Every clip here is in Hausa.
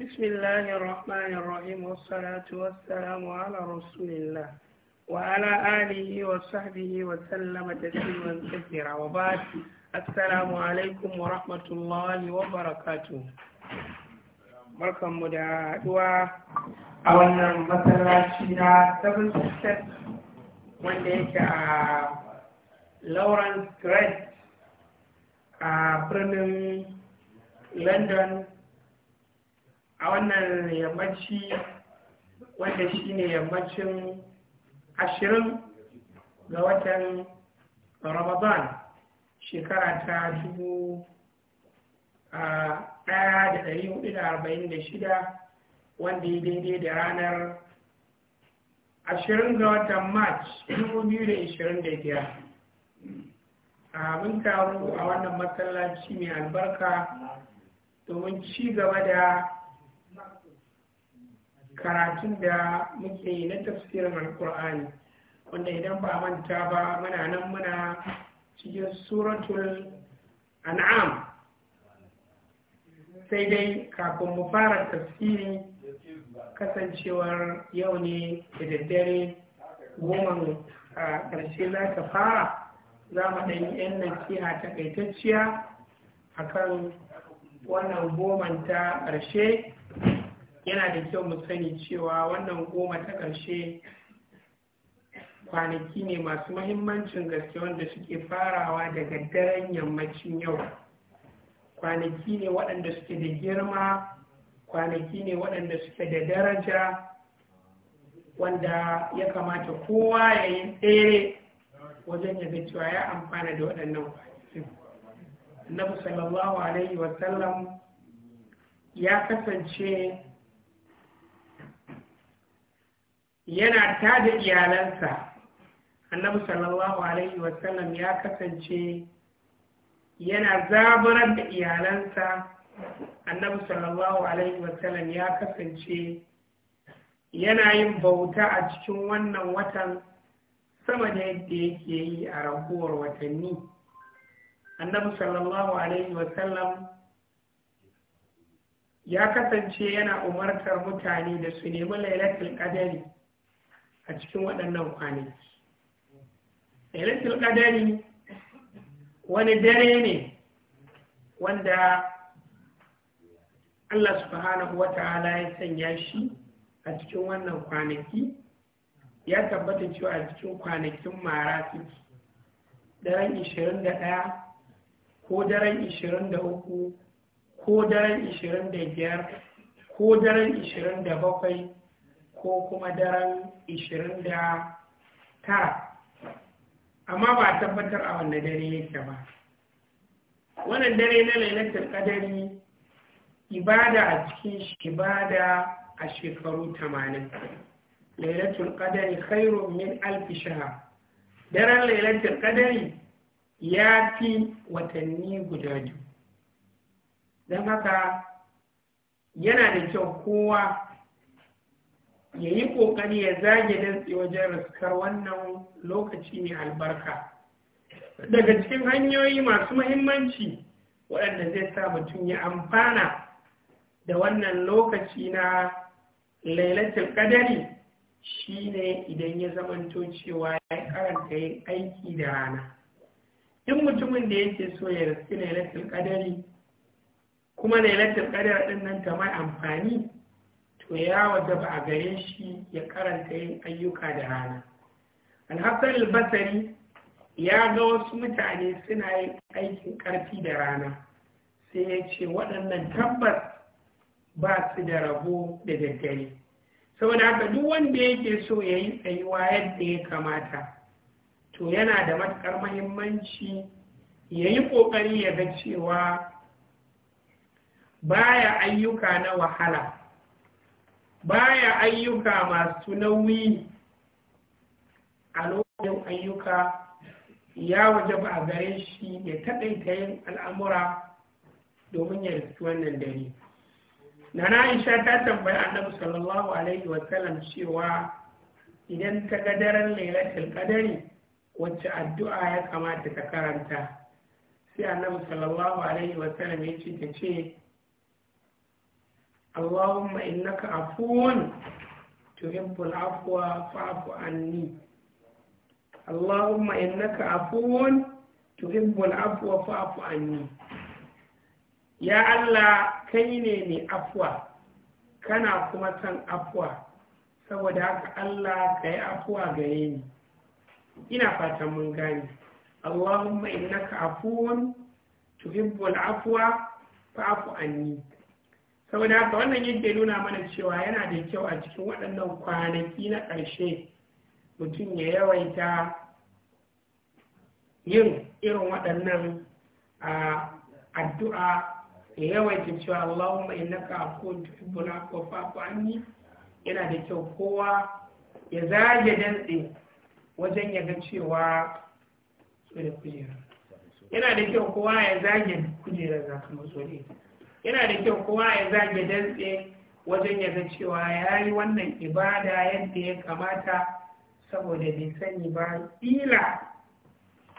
بسم الله الرحمن الرحيم والصلاة والسلام على رسول الله وعلى آله وصحبه وسلم تسليما كثيرا وبعد السلام عليكم ورحمة الله وبركاته barkanmu da haɗuwa a wannan masallaci na seven sisters wanda yake a lawrence grade a birnin london a wannan yammaci wanda shi ne yammacin ashirin ga watan ramadan shekara ta dubu ɗaya da ɗari hudu da arba'in da shida wanda ya daidai da ranar ashirin ga watan march dubu biyu da ashirin da biyar mun taru a wannan masallaci mai albarka domin ci gaba da karatun da muke yi na tafsirin alkur'ani wanda idan ba manta ba muna nan muna cikin suratul an'am sai dai kafin mu fara tafsiri kasancewar yau ne da daddare goma a ƙarshe za ta fara za mu ɗan yan nasiha takaitacciya kan wannan goman ta ƙarshe yana da kyau mu sani cewa wannan goma ta ƙarshe kwanaki ne masu mahimmancin gaske wanda suke farawa daga daren yammacin yau kwanaki ne waɗanda suke da girma kwanaki ne waɗanda suke da daraja wanda ya kamata kowa ya yi tsere wajen ya cewa ya amfana da waɗannan Na annabi sallallahu alaihi wasallam ya kasance yana tada iyalansa annabi sallallahu alaihi wasallam ya kasance yana zaburar da iyalansa annabi sallallahu alaihi wasallam ya kasance yana yin bauta a cikin wannan watan sama da yadda yake yi a raguwar watanni annabi sallallahu alaihi wasallam ya kasance yana umartar mutane da su nemi lailatul qadari a cikin waɗannan kwanaki lailatul ƙadari wani dare ne wanda Allah subhanahu wata'ala ya sanya shi a cikin wannan kwanaki ya tabbata cewa a cikin kwanakin mara daren 21 ko daren 23 ko daren 25 ko daren 27 ko kuma daren 29 amma ba tabbatar a wanda dare yake ba wannan dare na lailatul qadari ibada a cikin shi ibada a shekaru tamanin, lailatul qadari khairun min alf shahr daren lailatul qadari ya fi watanni guda biyu don haka yana da kyau kowa ya yi ƙoƙari ya zage dantse wajen raskar wannan lokaci mai albarka daga cikin hanyoyi masu mahimmanci waɗanda zai sa mutum ya amfana da wannan lokaci na lailatul kadari shine idan ya zamanto cewa ya karanta yin aiki da rana duk mutumin da yake so ya raski lailatul ƙadari, kuma lailatul kadar ɗin nan ta mai amfani to ya wadda a gare shi ya karanta yin ayyuka da rana alhassan albasari ya ga wasu mutane suna yin aikin ƙarfi da rana sai ya ce waɗannan tabbas ba su da rabo da daddare saboda haka duk wanda yake so ya yi tsayuwa yadda ya kamata to yana da matuƙar mahimmanci ya yi ƙoƙari ya ga cewa baya ayyuka na wahala baya ayyuka masu nauyi a lokacin ayyuka ya waje ba a gare shi ya taɗaita yin al'amura domin ya riski wannan dare na aisha ta tambaya annabi sallallahu alaihi wasallam cewa idan ta ga daren lailatul qadari wacce addu'a ya kamata ta karanta sai annabi sallallahu alaihi wasallam ya ce ta ce Allahumma innaka afuwun tuhibbul afwa fa'fu anni Allahumma innaka afuwun tuhibbul afwa fa'fu anni Ya Allah kai ne mai afwa kana kuma san afwa saboda haka Allah ka yi afuwa gare ni ina fatan mun gane Allahumma innaka afuwun tuhibbul afwa fa'fu anni saboda haka wannan yake nuna mana cewa yana da kyau a cikin waɗannan kwanaki na ƙarshe mutum ya yawaita yin irin waɗannan addu'a ya yawaita cewa Allahumma innaka afuwun tuhibbuna wa fa'fu anni yana da kyau kowa ya zage dantse wajen yaga cewa so da kujera yana da kyau kowa ya zage kujera za mazo da yana da kyau kowa ya zage dantse wajen ya san cewa ya yi wannan ibada yadda ya kamata saboda bai sani ba ila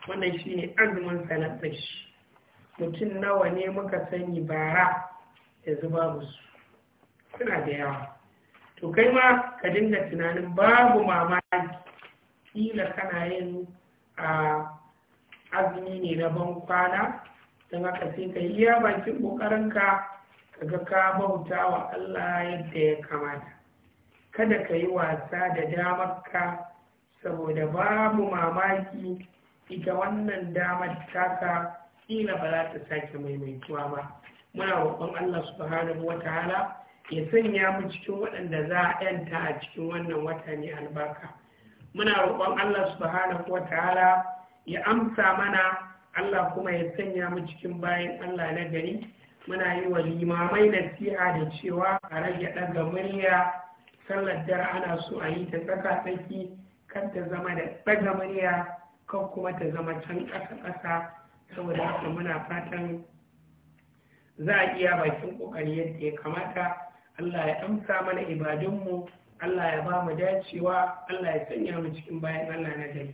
wannan shi ne azumin salatar shi mutum nawa ne muka sani bara Ya zuba musu, suna da yawa to kai ma ka dinga tunanin babu mamaki ila kana yin a ah, azumi ne na ban kwana don haka sai ka yi iya bakin ƙoƙarinka kaga ka bauta wa Allah yadda ya kamata kada ka yi wasa da damarka saboda babu mamaki ita wannan damar taka kila ba za ta sake maimaituwa ba muna roƙon Allah subhanahu wa ta'ala ya sanya mu cikin waɗanda za a yanta a cikin wannan wata ne albarka muna roƙon Allah subhanahu wa ta'ala ya amsa mana Allah kuma ya sanya mu cikin bayan Allah na gari muna yi wa limamai nasiha da cewa a rage ɗaga murya sallar dare ana so a yi ta tsaka tsaki kan ta zama da ɗaga murya kan kuma ta zama can ƙasa ƙasa saboda haka muna fatan za a iya bakin ƙoƙari yadda ya kamata Allah ya amsa mana ibadunmu Allah ya ba mu dacewa Allah ya sanya mu cikin bayan Allah na gari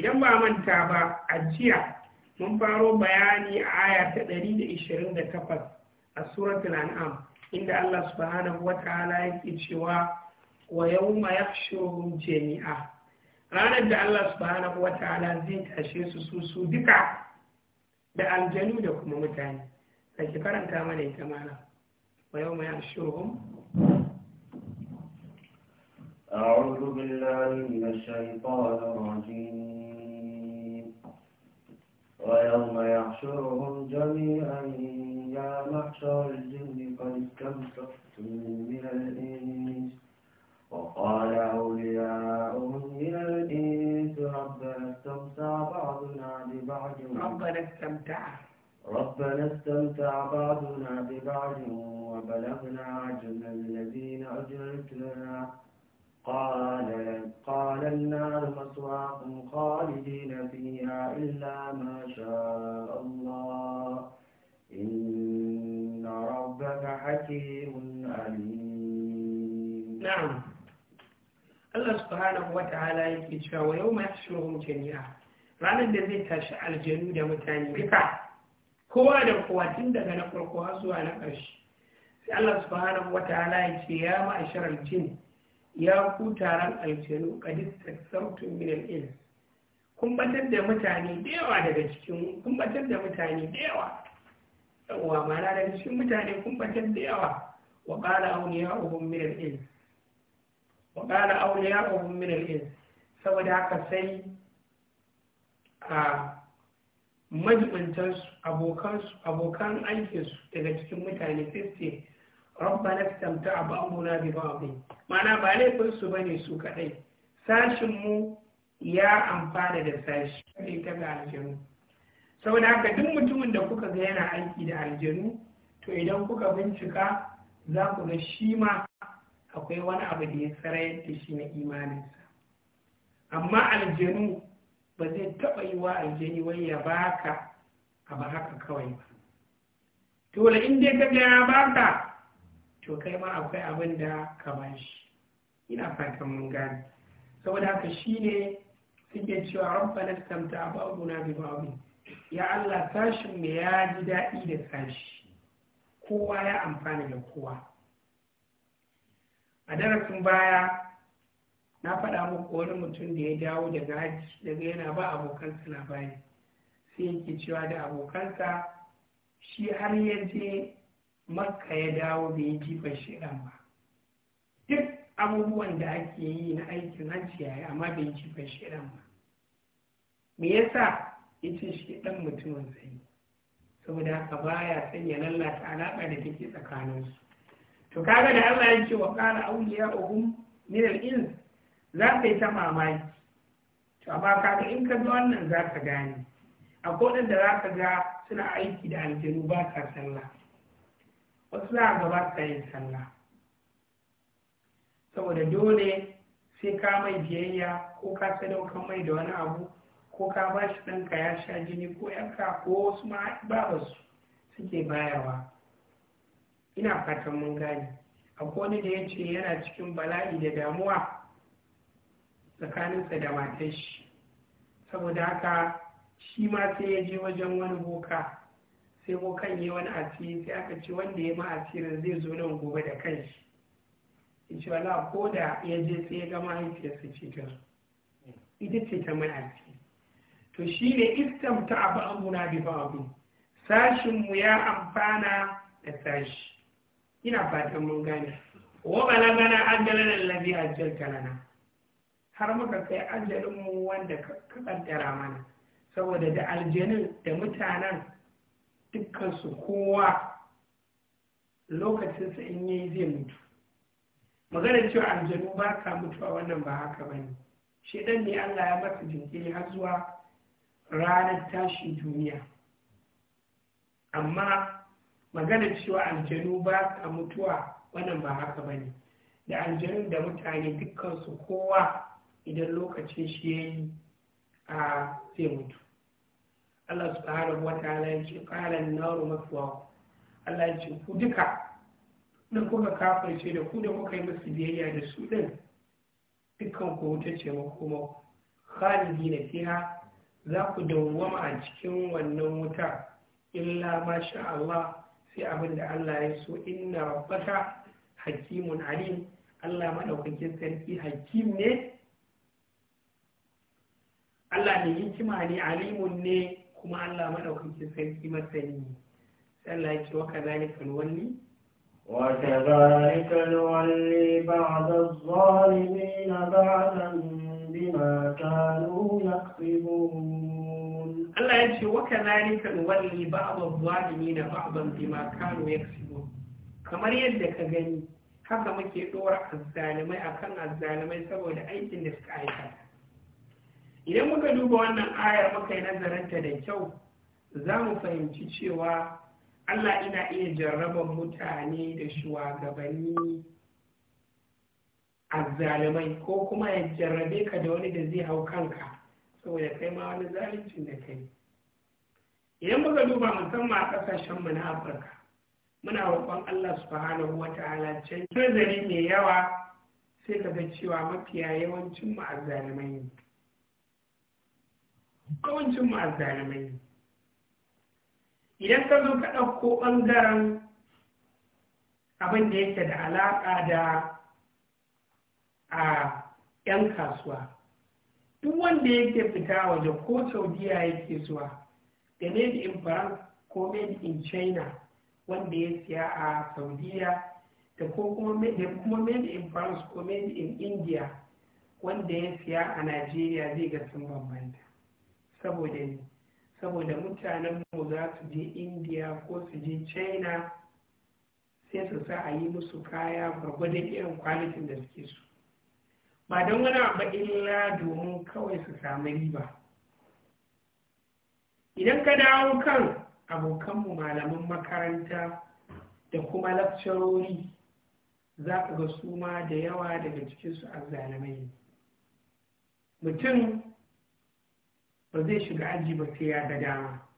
idan ba manta ba a jiya mun faro bayani a aya ta 128 a suratul an'am inda Allah subhanahu wata'ala yake cewa wa yawma yahshuruhum jami'a ranar da Allah subhanahu wata'ala zai tashe su su su duka da aljanu da kuma mutane da ki karanta mana ita mana wa yawma yahshuruhum أعوذ بالله من الشيطان الرجيم ويوم يحشرهم جميعا يا محشر الجن قد استمسكتم من الإنس وقال أولياؤهم من الإنس ربنا استمتع بعضنا ببعض ربنا استمتع ربنا استمتع بعضنا ببعض وبلغنا عجل الذين أجرت لنا قال قال النار مسواكم خالدين فيها إلا ما شاء الله إن ربك حكيم عليم نعم الله سبحانه وتعالى يكتشف ويوم يحشرهم جميعا ران الذي تشع الجنود متاني بكع هو هذا القوة عندما نقرقها سوى نقرش الله سبحانه وتعالى يكتشف يا معشر الجن ya ku taron aljanu kadis taksautu min al kun batar da mutane da yawa daga cikin kun batar da mutane da yawa yawa mana daga cikin mutane kun batar da yawa wa qala awliya'uhum min al-ins wa qala awliya'uhum min al-ins saboda haka sai a majibantarsu abokan aikinsu daga cikin mutane sai rabbana istamta ba'duna bi ba'd mana ba laifin su ne su kadai sashin mu ya amfana da sashi sai ta ga aljanu saboda haka duk mutumin da kuka ga yana aiki da aljanu to idan kuka bincika za ku ga shi ma akwai wani abu da ya sarayar da shi na imaninsa amma aljanu ba zai taɓa yi wa aljani wai ya baka abu haka kawai ba dole in dai ka ga baka to kai ma akwai abin da ka ba shi ina fatan mun gani saboda haka shine suke cewa rabbana istamta ba'duna bi ba'd ya Allah sashin me ya ji daɗi da tashi kowa ya amfana da kowa a darasin baya na faɗa muku wani mutum da ya dawo daga hajji daga yana ba abokansa labari sai yake cewa da abokansa shi har yanzu. makka ya dawo bai yi jifar shaidan ba duk abubuwan da ake yi na aikin hajji yi amma bai yi jifar shaidan ba me yasa shi shaidan mutumin sai saboda haka baya son ya lalata alaƙa da take tsakaninsu to kaga da Allah ya ce wa kana auliya uhum min al-ins za ka yi ta mamaki to amma kaga in ka ga wannan za ka gane akwai wanda za ka ga suna aiki da aljanu ba ka sallah wasu za a gaba ta yin sallah saboda dole sai ka mai biyayya ko ka sadaukar mai da wani abu ko ka ba shi ɗanka ya sha jini ko yanka ko wasu ma su suke bayarwa ina fatan mun gane akwai wani da ya ce yana cikin bala'i da damuwa tsakaninsa da matar shi saboda haka shi ma sai ya je wajen wani boka sai ko kan yi wani asiri sai aka ci wanda ya ma asirin zai zo nan gobe da kanshi insha Allah ko da ya je sai ya gama ga mahaifiyarsa ce ta ita ce ta mai asiri to shi ne ta abu amuna bi abu. sashin mu ya amfana da sashi ina fatan mun gane wa balagana ajalana allazi ajalta har muka kai ajalin mu wanda ka kaddara mana saboda da aljanin da mutanen dukkansu kowa lokacinsa in yi zai mutu maganar cewa aljanu ba ka mutuwa wannan ba haka ba ne dan ne allah ya masa jinkiri har zuwa ranar tashi duniya amma maganar cewa aljanu ba ka mutuwa wannan ba haka ba ne da aljanun da mutane dukkansu kowa idan lokacin shi ya yi a zai mutu Allah subhanahu wa ta'ala ya ce qala an-naru mathwa Allah ya ku duka da kuka kafirce da ku da kuka yi musu biyayya da su din dukkan ku wuta ce makoma khalidi na fiha za ku dawwama a cikin wannan wuta illa masha Allah sai abin da Allah ya so inna rabbaka hakimun alim Allah madaukakin sarki hakim ne Allah ne hikima ne alimun ne kuma Allah madaukakin sarki masani sallah yake wa kadhalika walli wa kadhalika walli ba'da adh-dhalimin ba'dan bima kanu yaksibun Allah yake wa kadhalika walli ba'da adh-dhalimin ba'dan bima kanu yaksibun kamar yadda ka gani haka muke dora azzalimai akan azzalimai saboda aikin da suka aikata idan muka duba wannan ayar muka yi nazarinta da kyau za mu fahimci cewa allah ina iya jarraban mutane da shugabanni a azzalumai ko kuma ya jarrabe ka da wani da zai hau kanka saboda kai ma wani zaluncin da kai idan muka duba musamman a mu na afirka muna roƙon allah subhanahu wa ta'ala can nazari mai yawa sai ka ga cewa mafiya yawancin mu azzalumai ne kawancin mu ne. idan ka zo ka ɗauko ɓangaren abin da yake da alaƙa da a 'yan kasuwa duk wanda yake fita waje ko saudiya yake zuwa da made in france ko made in china wanda ya siya a saudiya da kuma made in france ko made in india wanda ya siya a nigeria zai ga sun bambanta saboda ne saboda mutanen za su je indiya ko su je china sai su sa a yi musu kaya gwargwadon irin kwalitin da suke su ba don wani abu illa domin kawai su samu riba idan ka dawo kan abokanmu malaman makaranta da kuma lakcarori za ka ga suma da yawa daga cikinsu a zalamai mutum ba zai shiga aji ba sai ya ga dama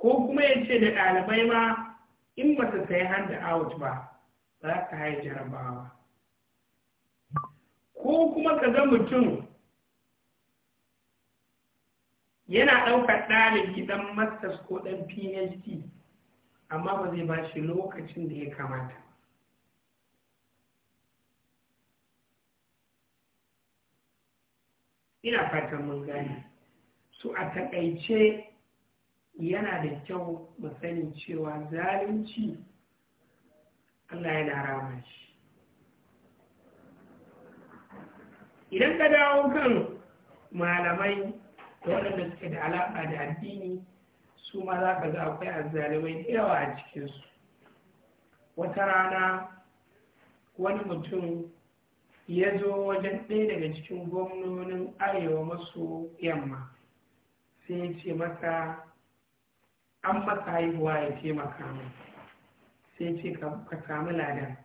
ko kuma ya ce da ɗalibai ma in ba ta sayi hand out ba za ka haye jarabawa ko kuma ka ga mutum yana ɗaukar ɗalibi ɗan masters ko ɗan phd amma ba zai ba shi lokacin da ya kamata ina fatan mun gane su a takaice yana da kyau mu sani cewa zalunci Allah ya rama shi idan ka dawo kan malamai da waɗanda suke da alaƙa da addini su ma za ka ga akwai azzalumai da yawa a cikinsu wata rana wani mutum ya zo wajen ɗaya daga cikin gwamnonin arewa maso yamma sai ya ce masa an masa haihuwa ya ce ma sai ce ka samu lada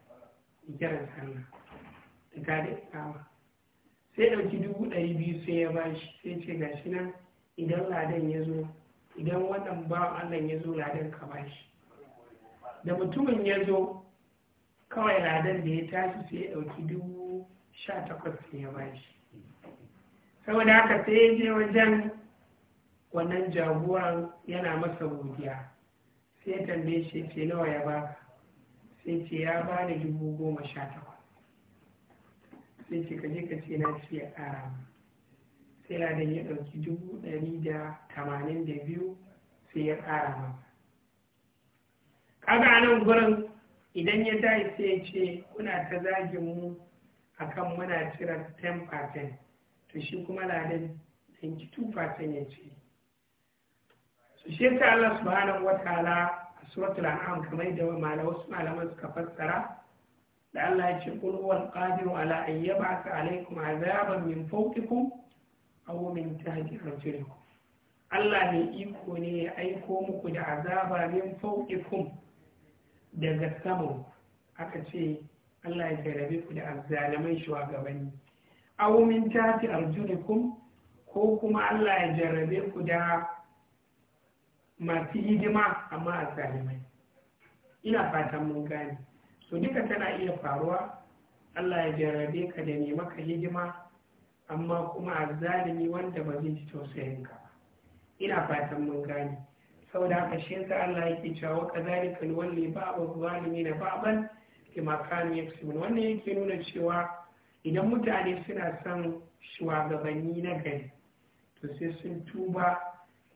kiran sana da gada ikama sai ɗauki dubu ɗari biyu sai ya bashi sai ce ga shi nan idan ladan ya zo idan wannan ba allah ya zo ladan ka bashi da mutumin ya zo kawai ladan da ya tashi sai ya ɗauki dubu sha takwas sai ya bashi saboda haka sai ya je wajen wannan jagoran yana masa godiya sai tambaye shi ce nawa ya ba sai ce ya ba da dubu goma sha takwas sai ce kaje ka ce na ce a sai da ya ɗauki dubu ɗari da tamanin da biyu sai ya ƙara masa kaga a nan gurin idan ya tashi sai ya ce kuna ta zagin mu kan muna cire 10% to shi kuma ladan yanki 2% ya ce shi ta Allah subhanahu wataala a suratul an'am kamar da malama wasu malaman suka fassara da Allah ya ce kul huwal qadiru ala an yab'atha alaykum azaban min fawqikum aw min tahti arjulikum Allah mai iko ne ya aiko muku da azaba min fawqikum daga sama aka ce Allah ya jarabe ku da azzalamai shugabanni aw min tahti arjulikum ko kuma Allah ya jarabe ku da masu hidima amma a zalimai ina fatan mun gane so duka tana iya faruwa allah ya jarrabe ka da nema maka hidima amma kuma a zalimi wanda ba zai ji tausayin ka ina fatan mun gane saboda haka shi yasa allah yake cewa wa kazalika walli ba'd zalimin baban kima kanu yaksubun wannan yake nuna cewa idan mutane suna son shugabanni na gari to sai sun tuba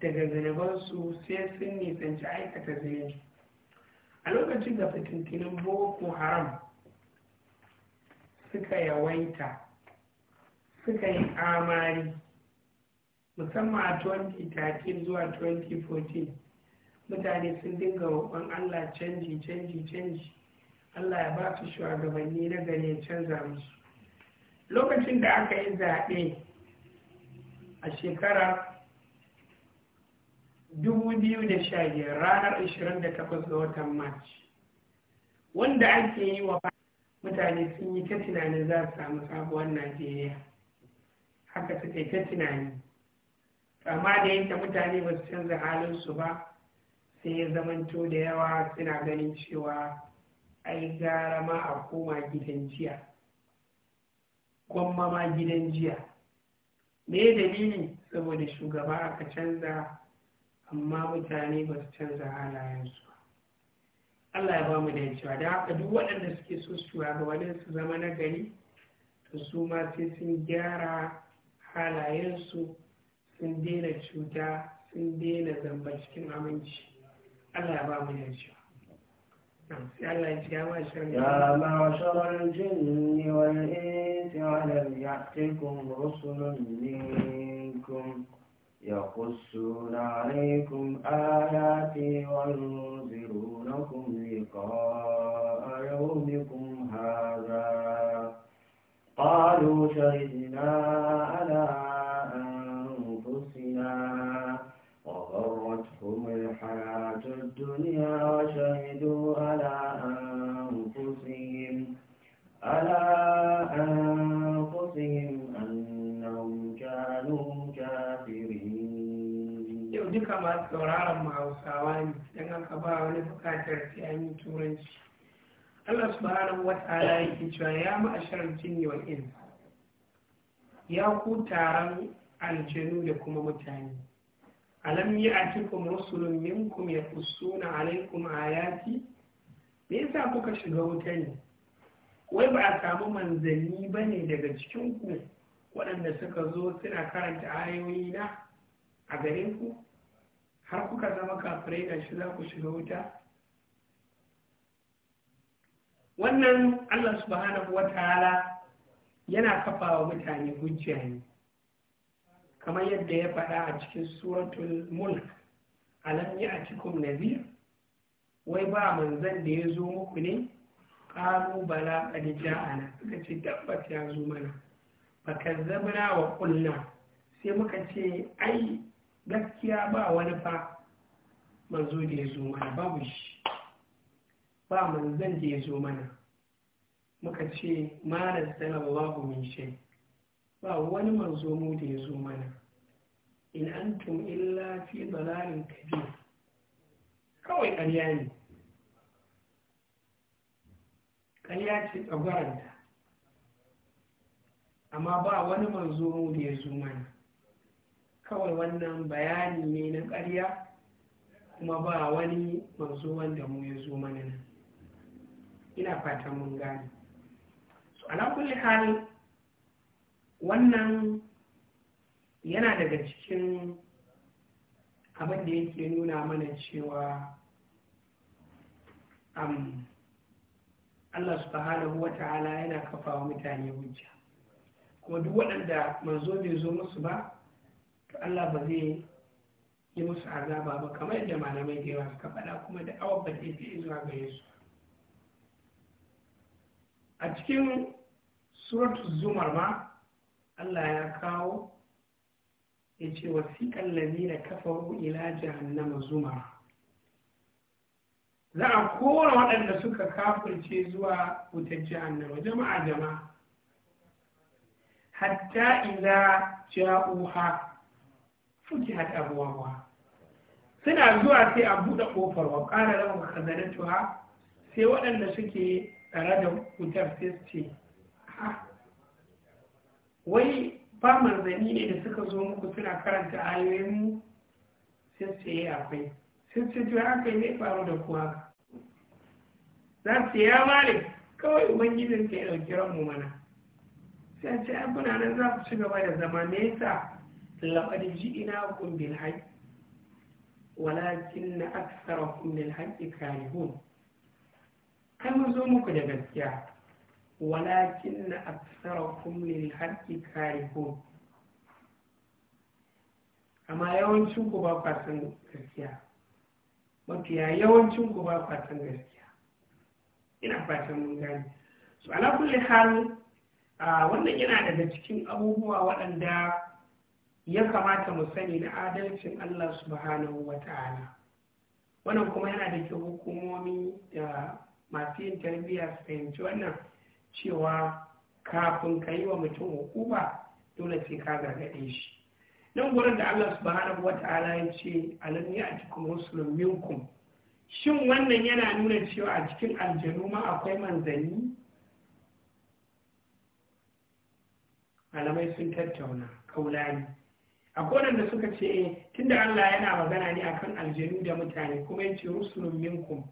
daga zunubansu sai sun nisanci aikata zunubi a lokacin da fitintinin boko haram suka yawaita suka yi amari musamman a 2013 zuwa 2014 mutane sun dinga roƙon allah canji canji canji allah ya ba su shugabanni na ya canza musu lokacin da aka yi zaɓe a shekarar 2015 ranar 28 ga watan march wanda ake yi wa mutane sun yi ta tunanin za su samu sabuwar najeriya haka su kai ta tunani amma da yanke mutane ba su canza su ba sai ya zamanto da yawa suna ganin cewa ai gara ma a koma gidan jiya gwamma ma gidan jiya me dalili saboda shugaba aka canza amma mutane ba su canza halayensu ba Allah ya ba mu da cewa da haka duk waɗanda suke so su wani su zama na gari to su ma sai sun gyara halayensu sun daina cuta sun daina zamba cikin aminci Allah ya ba mu da cewa يا معشر الجن والإنس ولم يأتكم رسل منكم يقصون عليكم آياتي وينذرونكم لقاء يومكم هذا قالوا شهدنا duka masu sauraron mu hausawa ne don aka ba wani bukatar sai an yi turanci Allah subhanahu wa ta'ala ke cewa ya ma'ashar jinni wa in ya ku taron aljanu da kuma mutane alam yi a cikin rusulun minkum ya kusuna alaikum yaki. me yasa kuka shiga wuta ne wai ba a samu manzanni ba ne daga ku waɗanda suka zo suna karanta ayoyi na a gare ku har kuka zama kafirai da shi za ku shiga wuta wannan allah subhanahu wa ta'ala yana kafa wa mutane hujja ne kamar yadda ya faɗa a cikin suratul mulk alam ya a cikin nazir wai ba manzan da ya zo muku ne ƙalu bala a ja'ana suka ce tabbat ya zo mana ka wa ƙulla sai muka ce ai gaskiya ba wani fa manzo da ya zo mana babu shi ba manzan da ya zo mana muka ce malar babu mai shai ba wani manzo mu da ya zo mana in an tun illa fi dalalin kabir kawai karya ne karya ce tsagwaranta amma ba wani manzo mu da ya zo mana kawai wannan bayani ne na ƙarya kuma ba wani manzo wanda mu ya zo mana nan ina fatan mun gane so ala kulli hali wannan yana daga cikin abin da yake nuna mana cewa am Allah subhanahu wa ta'ala yana kafa mutane hujja kuma duk waɗanda manzo bai zo musu ba Allah ba zai yi musu azaba ba kamar yadda malamai da yawa suka faɗa kuma da awa ba zai fi zuwa gare su a cikin suratu zumar ma Allah ya kawo ya ce wasiƙan kafa kafaru ila jahannama zuma. za a kora waɗanda suka kafirce zuwa wutar jahannama jama'a jama'a hatta ila ja'uha fujihat abwabuha suna zuwa sai a buɗe ƙofar wa ƙara da khazanatuha sai waɗanda suke tsare da wutar sai su ce wai ba manzanni ne da suka zo muku suna karanta ayoyinmu? mu sai su yi eh, akwai sai su ce haka ne faru da kuwa za su ya male kawai ubangijin ka ya ɗauki ranmu mana sai ce abuna nan za su ci gaba da zama nesa لقد جئناكم بالحج ولكن أكثركم للحق كارهون kan زومك zo muku da gaskiya walakin na aksarakum lil haqqi karihun amma yawancin ku ba fatan gaskiya ba gaskiya ina fatan mun so ala kulle hal wannan yana daga cikin abubuwa waɗanda ya kamata mu sani na adalcin Allah subhanahu wa ta'ala wannan kuma yana da kyau hukumomi da masu yin tarbiyya su fahimci wannan cewa kafin ka yi wa mutum hukuma dole sai ka gargaɗe shi nan gurin da Allah subhanahu wa ta'ala ya ce alam ya'tikum rusulun minkum shin wannan yana nuna cewa a cikin aljanu ma akwai manzanni malamai sun tattauna kaulani akwai da suka ce eh, tunda Allah yana magana ne akan aljanu da mutane kuma ya ce rusulun minkum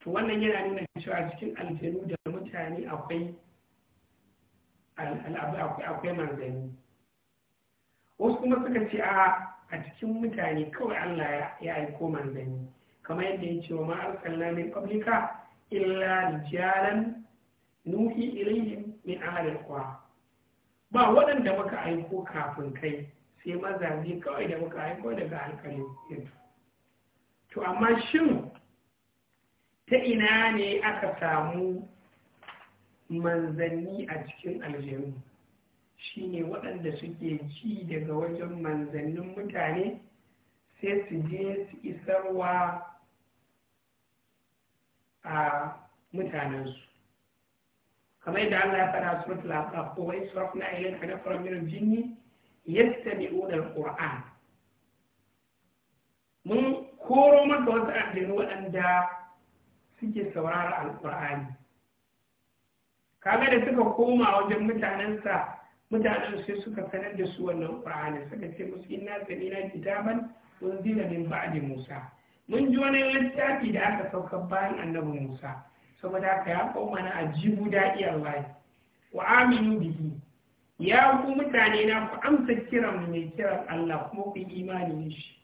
to wannan yana nuna cewa cikin aljanu da mutane akwai akwai manzanni wasu kuma suka ce a a cikin mutane kawai Allah ya aiko manzanni kamar yadda ya ce wa ma arsalna min qablika illa rijalan nuhi ilayhim min ahli ba waɗanda muka aiko kafin kai sai mazaje kawai da muka haiko daga alkalin yanzu to amma shin ta ina ne aka samu manzanni a cikin Shi ne waɗanda suke ci daga wajen manzannin mutane sai su je su isarwa a mutanensu kamar yadda Allah ya fara suratul aqaf wa israfna na nafaran min yastami'una alquran mun koro man wasu aljanu waɗanda suke saurara alqur'ani kaga da suka koma wajen mutanensa mutanen sai suka sanar da su wannan qur'ani suka ce musu inna sami'na kitaban unzila min ba'di musa mun ji wani littafi da aka sauka bayan annabi musa saboda haka ya kawo mana ajibu da'i Allah wa aminu bihi ya ku mutane na ku amsa kiran mai kiran Allah kuma ku imani ne shi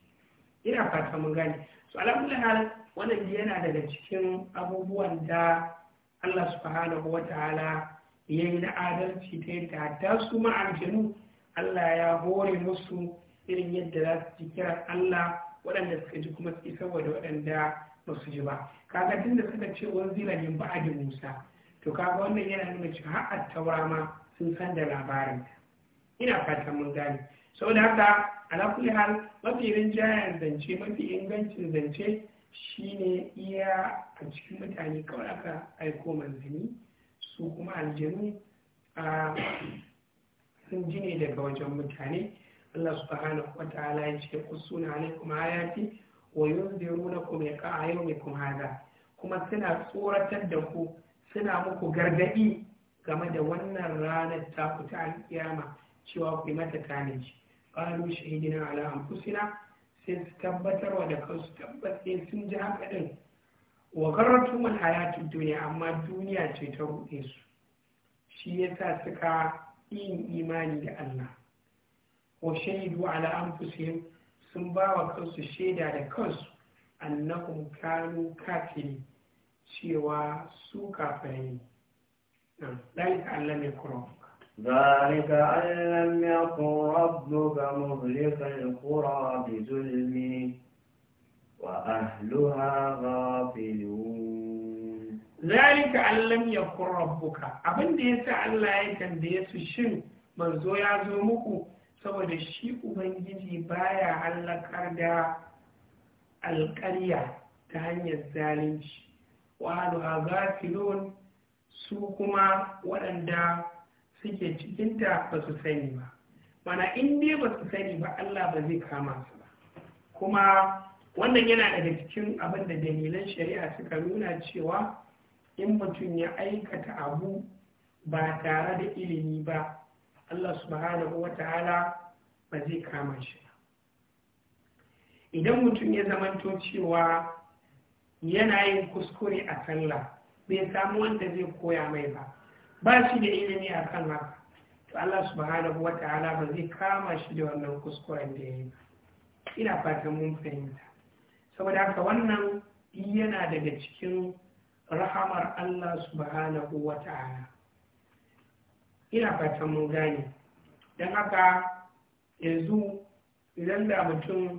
ina fata mun gane so alhamdulillah wannan yana daga cikin abubuwan da Allah subhanahu wataala ya yi na adalci ta yadda ta su ma'arjinu Allah ya hore musu irin yadda za su ji kiran Allah waɗanda suka ji kuma su saboda waɗanda ba su ji ba kaga tun da suka ce wanzila a ba'adi Musa to kaga wannan yana nuna cewa har attaura ma sun san da labarin ina fatan mun gane saboda haka ala kulli hal mafi rinjayen zance mafi ingancin zance shine iya a cikin mutane kawai aka aiko manzini su kuma aljanu a sun ji ne daga wajen mutane Allah subhanahu wa ta'ala ya ce usuna alaikum ayati wa yunzirunakum yaqa ayyukum ne kuma suna tsoratar da ku suna muku gargadi game da wannan ranar ta fita alkiyama cewa ku yi mata tanaji ƙalu shahidina ala anfusina sai su tabbatar wa da kansu tabbatai sun ji haka din wa garratu mun hayatun duniya amma duniya ce ta ruɗe su shi ya sa suka yin imani da Allah wa shaidu ala anfusihim sun ba wa kansu shaida da kansu annahum kanu kafiri cewa su kafirai ذلك أن لم يكن ربك ذلك أن لم يكن ربك مهلك القرى بظلم da ya tambaye su manzo ya zo muku saboda shi ubangiji baya halakar da alƙarya ta hanyar zalunci wa su kuma waɗanda suke cikinta ba su sani ba mana in dai ba su sani ba Allah ba zai kama su ba kuma wannan yana daga cikin abin da dalilan shari'a suka nuna cewa in mutum ya aikata abu ba tare da ilimi ba Allah subhanahu wa ta'ala ba zai kama shi ba idan mutum ya zamanto cewa yana yin kuskure a sallah bai samu wanda zai koya mai ba ba shi da ilimi a kan haka to Allah subhanahu wa ta'ala ba zai kama shi da wannan kuskuren da ya yi ba ina fatan mun fahimta saboda haka wannan yana daga cikin rahamar Allah subhanahu wa ta'ala ina fatan mun gane don haka yanzu idan da mutum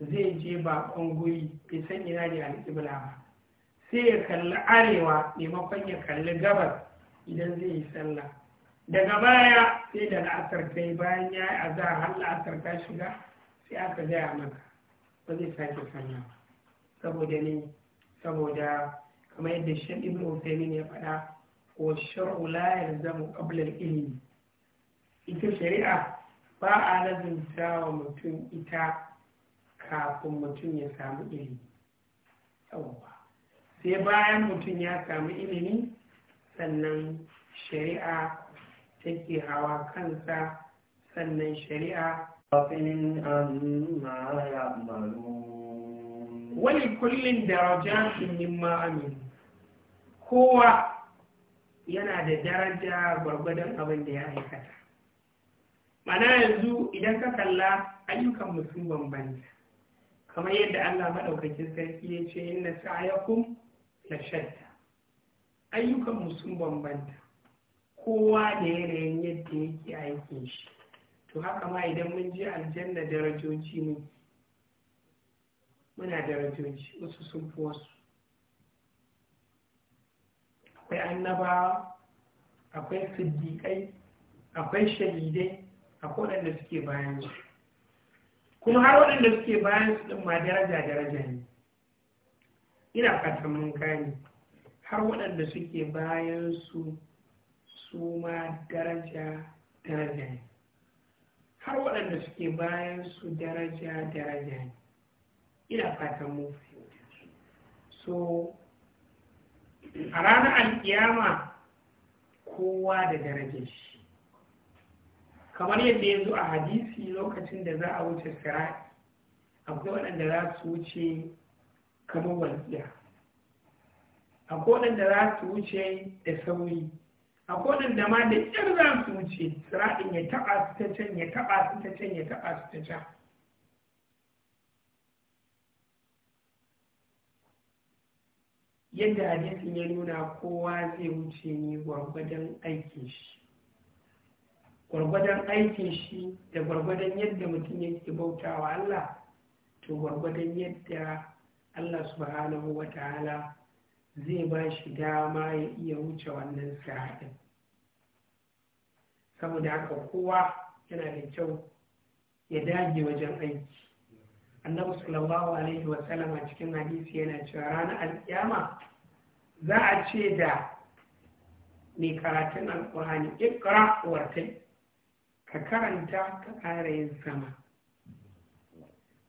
zai je bakon guri bai san ina ne alƙibla ba sai ya kalli arewa maimakon ya kalli gabas idan zai yi sallah daga baya sai da la'asar kai bayan ya yi a azahar har la'asar ta shiga sai aka gaya maka ba zai sake sallah saboda ne saboda kamar yadda shan ibn usaimin ya faɗa ko shar'u la yalzamu qabla al ita shari'a ba a lazimta wa mutum ita kafin mutum ya samu ilimi yawwa sai bayan mutum ya samu ilimi sannan shari'a take hawa kansa sannan shari'a kafinin amma ya malu wani kullum daraja min ma'amin kowa yana da daraja gwargwadon abin da ya aikata mana yanzu idan ka kalla ayyukan mutum bambanta kamar yadda allah maɗaukakin sarki ya ce inna sa'ayakum da shadda ayyukan sun bambanta kowa da yanayin yadda yake aikin shi to haka ma idan mun je aljanna darajoji ne muna darajoji wasu sun fi wasu akwai annabawa akwai siddiƙai akwai shahidai akwai waɗanda suke bayan su kuma har waɗanda suke bayan su ɗin ma daraja daraja ne ina fata mun gane har waɗanda suke bayan su su ma daraja daraja ne har waɗanda suke bayan su daraja daraja ne ina fatan mu fahimta so a ranar alkiyama kowa da daraja shi kamar yadda yanzu a hadisi lokacin da za a wuce sira'i akwai waɗanda za su wuce kamar a kodin da za su wuce da sauri a kodin da ma da ƙyar za su wuce siraɗin ya taɓa su ta can ya taɓa su ta can ya taɓa su ta can yadda hadisin ya nuna kowa zai wuce ni gwargwadon aikin shi gwargwadon aikin shi da gwargwadon yadda mutum yake bautawa Allah to gwargwadon yadda Allah subhanahu wa ta'ala zai ba shi dama ya iya wuce wannan sa'adin saboda haka kowa yana da kyau ya dage wajen aiki annabi sallallahu alaihi wasallam a cikin hadisi yana cewa ranar alkiyama za a ce da mai karatun ne, ikra wartai ka karanta ka ƙara yin sama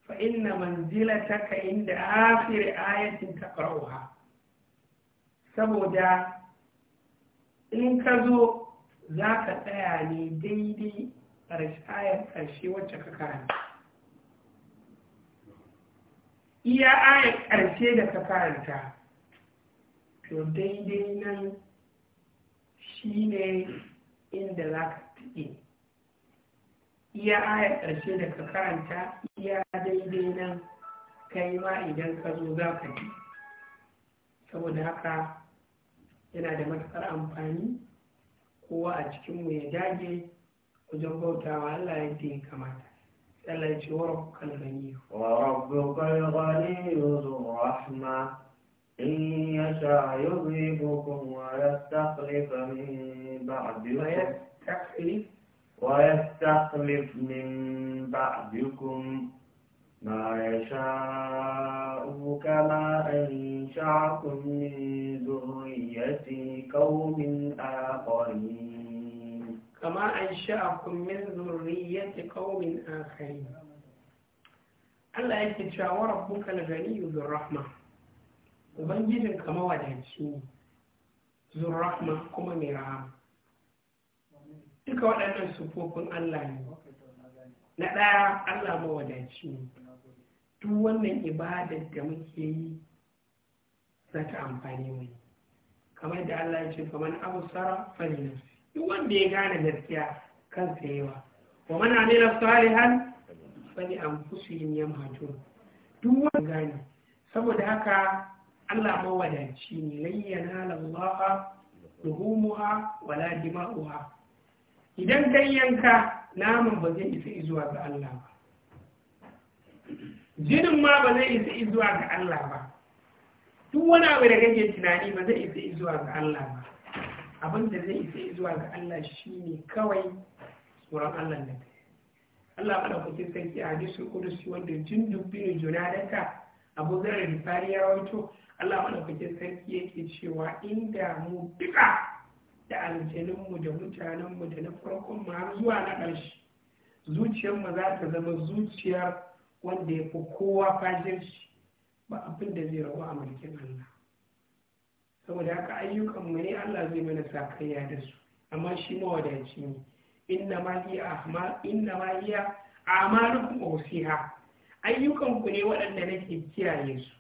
fa inna manzilataka inda akhir ayatin taqra'uha saboda in ka zo za ka tsaya ne daidai ayar ƙarshe wacce ka karanta iya ayar ƙarshe da ka karanta to daidai nan shi ne inda za ka iya ayar ƙarshe da ka karanta iya daidai nan kai ma idan ka zo za ka yi saboda haka yana da matuƙar amfani kowa a cikinmu ya dage wajen bautawa Allah yadda ya kamata Allah ya ce wa rabbukal ghani wa rabbukal ghani yuzu rahma in yasha yudhibukum wa yastakhlif min ba'dikum wa yastakhlif ويستخلف من بعدكم ما يشاء كما أنشأكم من ذرية قوم آخرين كما أنشأكم من ذرية قوم آخرين ألا يكتشى وربك الغني ذو الرحمة وبنجد كما وجهت ذو الرحمة كما مرام duka waɗannan sufofin Allah ne na ɗaya Allah mawadaci ne duk wannan ibadar da muke yi za ta amfani mai kamar da Allah ya ce kamar abu sara falin duk wanda ya gane gaskiya kansa yawa wa mana amila salihan fali anfusihim yamhadun duk wanda gane saboda haka Allah mawadaci ne layyana lallaha duhumuha wala dima'uha idan kai yanka naman ba zai isa zuwa ga Allah ba jinin ma ba zai isa zuwa ga Allah ba duk wani abu da kake tunani ba zai isa zuwa ga Allah ba abin da zai isa zuwa ga Allah shine kawai tsoron Allah da kai Allah madaukakin sarki a hadisul qudusi wanda jindub bin junadaka Abu Dharr al-Bukhari ya rawaito Allah madaukakin sarki yake cewa inda mu duka da aljaninmu da mutanenmu da na farkon har zuwa na ƙarshe zuciyarmu za ta zama zuciyar wanda ya fi kowa fajirci ba abin da zai rawa a mulkin Allah saboda haka ayyukanmu ne Allah zai mana sakayya da su amma shi wadaci ne inna ma hiya amalukum usiha ayyukanku ne waɗanda nake kiyaye su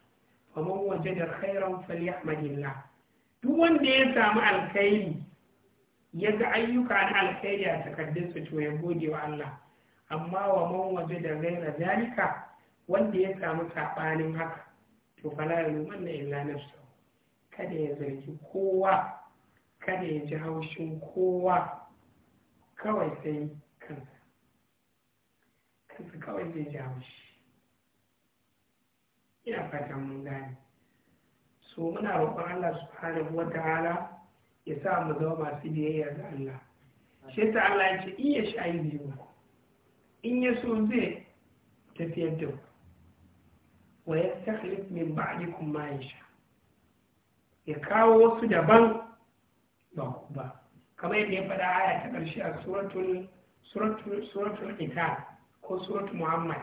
faman waje da khairan falyahmadillah duk wanda ya samu alkhairi ya ga ayyuka na alkhairi a takardunsa to ya gode wa Allah amma wa man waje da gaira zalika wanda ya samu saɓanin haka to fala ya luman na illa nafsa kada ya zargi kowa kada ya ji haushin kowa kawai sai kansa kansa kawai zai ji haushi ina fatan mun gane so muna roƙon Allah subhanahu wa ta'ala ya sa mu zama masu biyayya ga Allah shi ta Allah ya ce iya shayi biyu in ya so zai tafiyar da wa ya takhlif min kun ma sha ya kawo wasu daban ba ku ba kamar yadda ya faɗa aya ta ƙarshe a suratul ita ko suratul muhammad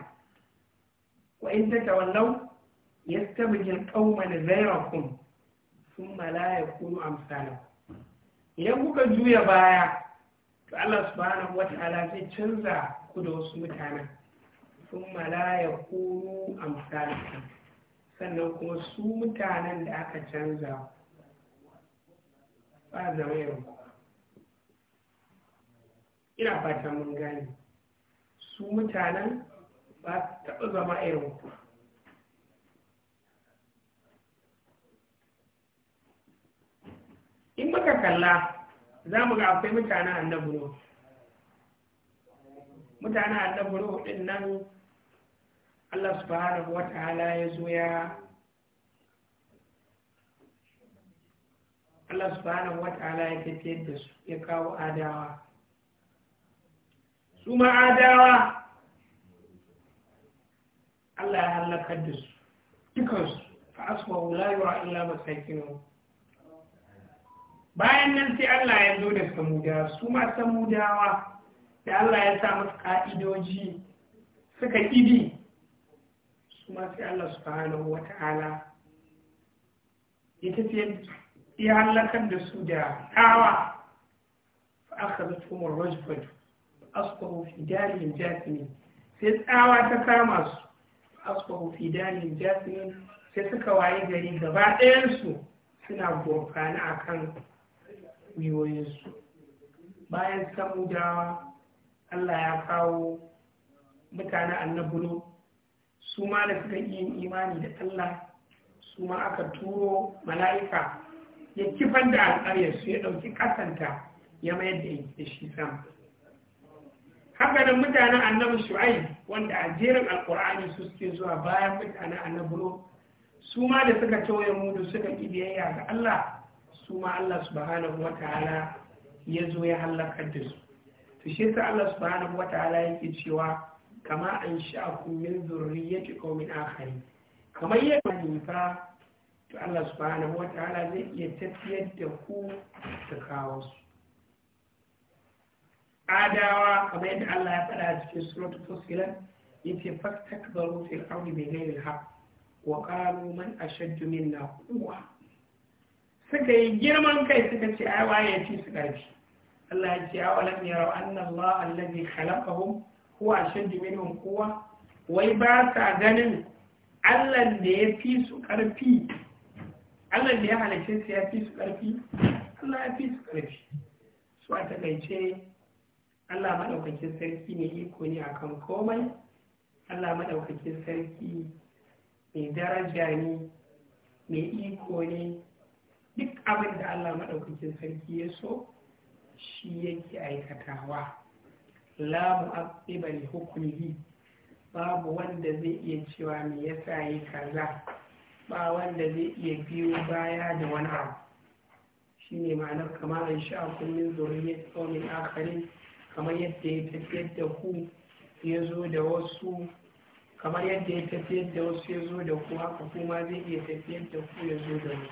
wa in ta tatawallaw yastabdil qauman ghayrakum sun malaya yakunu amsalakum idan kuka juya baya to Allah subhanahu wataala zai canza ku da wasu mutanen sun malaya kunu amsalikum sannan kuma su mutanen da aka canza ba zama yau ina fata mun gani, su mutanen ba taɓa zama irin ku in maka kalla za mu ga akwai mutanen annabi nuhu mutanen annabi nuhu din nan Allah subhanahu wa ta'ala ya zo ya Allah subhanahu wa ta'ala ya tafiyar da su ya kawo adawa su ma adawa Allah ya halakar da su dukansu fa asbahu la yura illa masakinu bayan nan sai Allah ya zo da samudawa su ma samudawa da Allah ya sa musu ka'idoji suka idi su ma sai Allah subhanahu wa ta'ala ya ce ya halakar da su da tsawa fa aka zato mu rajfad asbahu fi dalil jasmin sai tsawa ta kama su asbahu fi dalil jasmin sai suka waye gari gaba ɗayan su suna gurfana akan gwiwoyinsu bayan samudawa allah ya kawo mutane annabulo su ma da suka yin imani da allah su ma aka turo mala'ika ya kifar da su ya ɗauki ƙasanta ya mayar da ita shi sam. haka nan mutanen annabi shu'aib wanda a jerin alƙur'ani su suke zuwa bayan mutanen annabi su ma da suka tawaye mudu suka ki biyayya ga Allah su ma Allah subhanahu wa ta'ala ya zo ya hallaka da su to shi ta Allah subhanahu wa ta'ala yake cewa kama an sha'akum min zurriyyati qaumin akharin kamar yadda ni fa to Allah subhanahu wa ta'ala zai iya tafiyar da ku ta kawo su adawa kamar yadda Allah ya faɗa a cikin suratul fusilat yace fastakbaru fil ardi bighayri al-haqq wa qalu man ashaddu minna quwwatan suka yi girman kai suka ce ai waye ci su karfi Allah ya ce awalam yarau anna Allah allazi khalaqahum huwa ashaddu minhum quwwa wai ba sa ganin Allah da ya fi su karfi Allah da ya halice su ya fi su karfi Allah ya fi su karfi su a takaice Allah madaukakin sarki ne iko ne akan komai Allah madaukakin sarki mai daraja ne mai iko ne duk abin da Allah maɗaukakin sarki ya so shi yake aikatawa la mu'aqqiba li hukmihi babu wanda zai iya cewa me yasa yi kaza ba wanda zai iya biyo baya da wani abu shine ma'anar kamar in sha kullun zuriyyat qaumin akharin kamar yadda ya tafiyar da ku ya zo da wasu kamar yadda ya tafiyar da wasu ya zo da ku haka kuma zai iya tafiyar da ku ya zo da wasu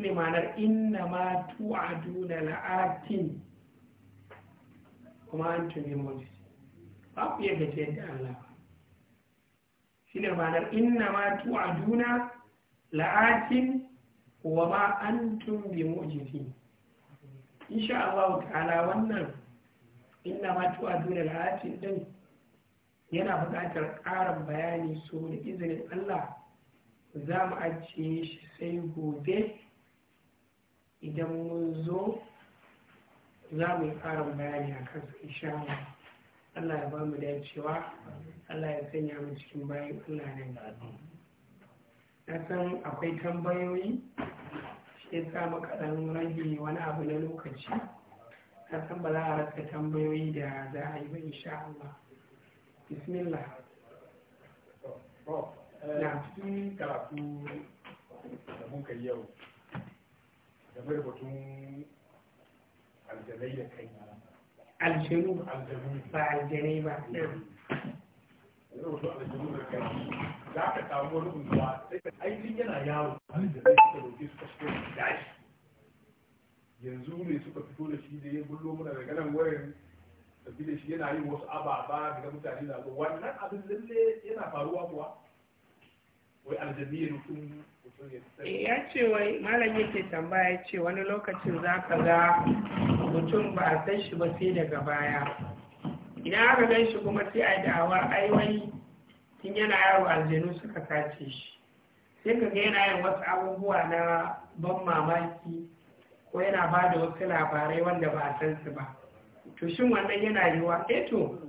shine ma'anar inna ma na la'atin kuma an tuni mojis ba ku iya gajiyar da Allah ba shine ma'anar inna ma na la'atin wa ma an tumi mujisi insha Allah ta'ala wannan inna ma na la'atin din yana buƙatar ƙarin bayani so da izinin Allah za mu ajiye shi sai gobe idan mun zo za mu yi ƙarin bayani a kansa insha Allah ya ba mu dacewa Allah ya sanya mu cikin bayan Allah ne na san akwai tambayoyi shi ya sa rage wani abu na lokaci na san ba za a rasa tambayoyi da za a yi ba insha Allah bismillah eh, na fi karatu da muka yau game da batun aljanai da kai aljanu ba aljanai ba eh. za ka samu wani unguwa aikin yana yawo aljanai suka roƙe suka shigo da dashi yanzu ne suka fito da shi da ya bullo mana daga nan wurin tafi da shi yana yin wasu ababa daga mutane na wannan abin lalle yana faruwa kuwa wai aljanni ya nufin ya ce wai malam yake tambaya ce wani lokacin za ka ga mutum ba a san shi ba sai daga baya idan aka gan shi kuma sai a da'awa ai wani tun yana yaro aljanu suka sace shi sai ka ga yana yin wasu abubuwa na ban mamaki ko yana ba da wasu labarai wanda ba a san su ba to shin wannan yana yiwa eh to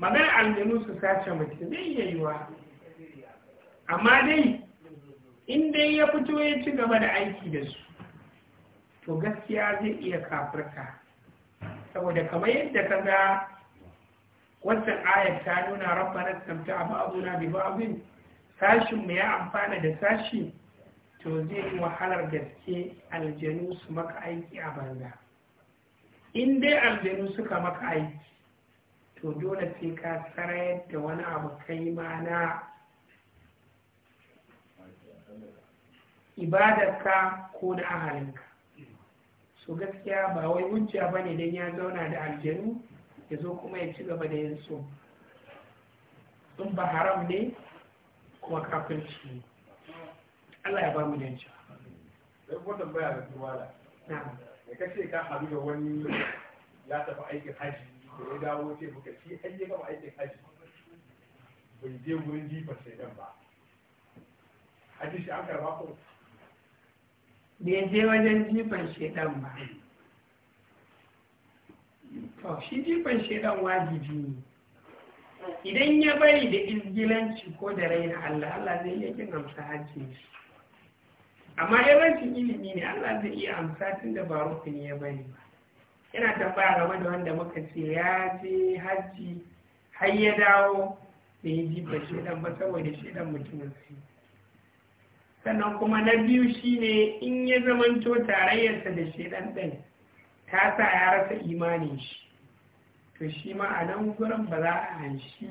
magana aljanu su sace mutum zai iya yiwa amma dai in dai ya fito ya ci gaba da aiki da su to gaskiya zai iya kafirka saboda kamar yadda ka ga wancan ayar ta nuna rabbana samta abu abuna bi ba'din sashin mu ya amfana da sashi to zai yi wahalar gaske aljanu su maka aiki a banza in dai aljanu suka maka aiki to dole sai ka sarayar da wani abu kai ma na ibadarka ko na ahalinka so gaskiya ba wai hujja ba ne don ya zauna da aljanu ya zo kuma ya ci gaba da yin so in ba haram ne kuma kafirci ne Allah ya ba mu don ci sai ko tambaya da tuwala na da kashe ka haɗu da wani ya tafi aikin haji da ya dawo ce muka shi an yi gama aikin haji bai je wurin jifar shaidan ba haji shi an karba ko bai je wajen jifan shaidan ba to shi jifan shaidan wajibi ne idan ya bari da izgilanci ko da raina Allah Allah zai iya kin amsa hajji amma yawancin ilimi ne Allah zai iya amsa tun da ba ne ya bari ba yana tambaya game da wanda muka ce ya je hajji har ya dawo da ya jifa shaidan ba saboda shaidan mutumin sai sannan kuma na biyu shine in ya zamanto tarayyarsa da ɗan ɗin ta sa ya rasa imanin shi to shi ma a nan gurin ba za a hanshi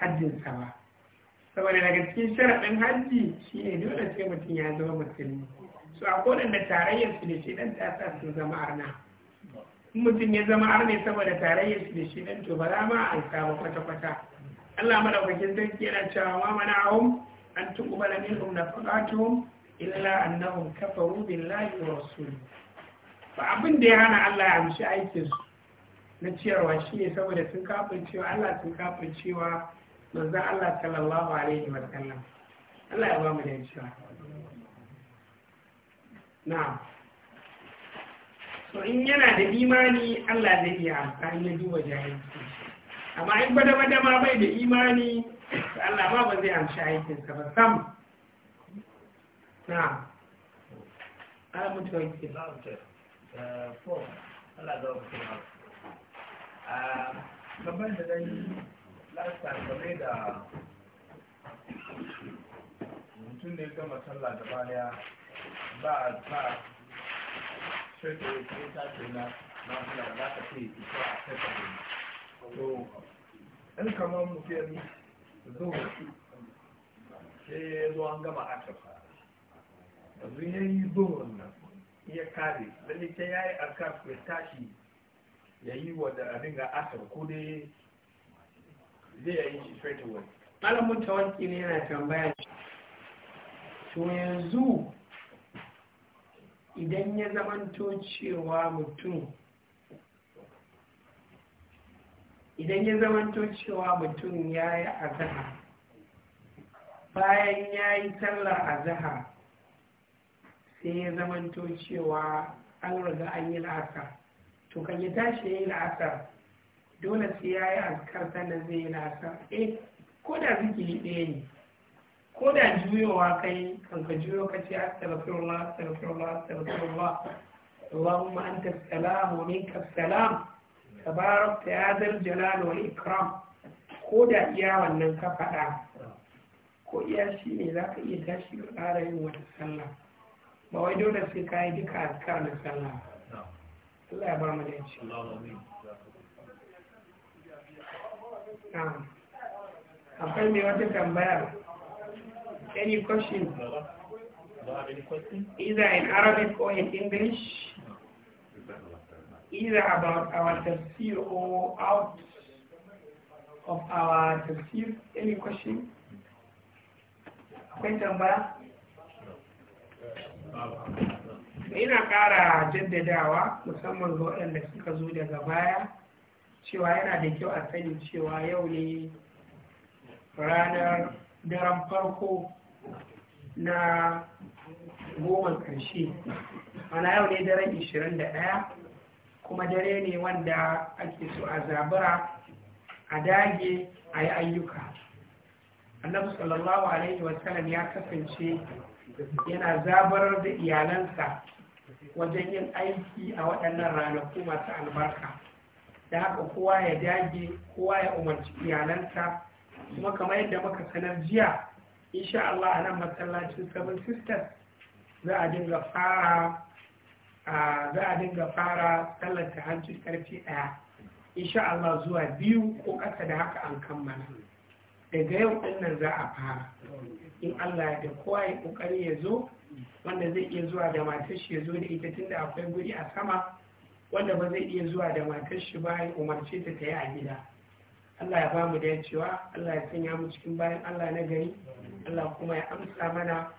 hajjinsa ba saboda daga cikin sharaɗin hajji shine dole sai mutum ya zama musulmi su a kodin da tarayyarsu da ɗan ta sa su zama arna mutum ya zama arne saboda tarayyarsu da ɗan to ba za ma a kwata-kwata Allah madaukakin sarki yana cewa ma mana an tuqbala minhum nafaqatuhum illa annahum kafaru billahi wa rasulihi ba abin da ya hana Allah ya amshi aikin su na ciyarwa shine saboda sun kafircewa Allah sun kafircewa manzon Allah sallallahu alaihi wa sallam Allah ya ba mu da cewa na'am so in yana da imani Allah zai iya amfani ya duba jahilci amma in bada bada ma bai da imani Allah ma ba zai amshi aikinsa ba sam na ala mutu wanki gaban eh, ah, da dai lasta game da mutum ne gama sallah da baya ba a ba shirka ya ce ta ce na na kula da za ka ce ita a kai to in kamar mutum sai ya zo an gama asar yanzu ya yi zuwan nan iya kare lalle ta ya yi arkar ya tashi ya yi wa da abin ga asar ko dai zai yi shi straight away malamin tawanki ne yana tambaya to yanzu idan ya zamanto cewa mutum idan ya zamanto cewa mutum ya yi azahar bayan ya yi sallar azahar sai ya zamanto cewa an raga an yi la'asar to kan ya tashi ya yi la'asar dole sai ya yi azkar sannan zai yi la'asar eh ko da yi ɗaya ne ko da juyowa kai kan ka juyo ka ce astaghfirullah astaghfirullah astaghfirullah Allahumma anta salam wa minka salam tabarakta ya zal jalal ikram ko da iya wannan kafaɗa? ko iya shi ne za ka iya tashi ka ƙara yin wata sallah ba wai dole sai ka yi duka azkar na sallah Allah ya ba mu da akwai mai wata tambaya any question either in arabic or in english either about our tafsir or out of our tafsir? Any question? Akwai tambaya? Ina ƙara jaddadawa musamman ga waɗanda suka zo daga baya cewa yana da kyau a sani cewa yau ne ranar daren farko na goma ƙarshe. Ana yau ne daren 21 kuma dare ne wanda ake so a zabura a dage a yi ayyuka annabi sallallahu alaihi wasallam ya kasance yana zabarar da iyalansa wajen yin aiki a waɗannan ranaku masu albarka da haka kowa ya dage kowa ya umarci iyalansa kuma kamar yadda muka sanar jiya insha Allah a nan masallacin seven sisters za a dinga fara za a dinga fara tsallata hancin hajji ɗaya insha Allah zuwa biyu ko ƙasa da haka an kammala daga yau ɗinnan za a fara in Allah da kowa ya ƙoƙari ya zo wanda zai iya zuwa da matar shi ya zo da ita tunda akwai guri a sama wanda ba zai iya zuwa da matar shi ba ya umarce ta ta yi a gida Allah ya ba mu cewa Allah ya sanya mu cikin bayan Allah na gari Allah kuma ya amsa mana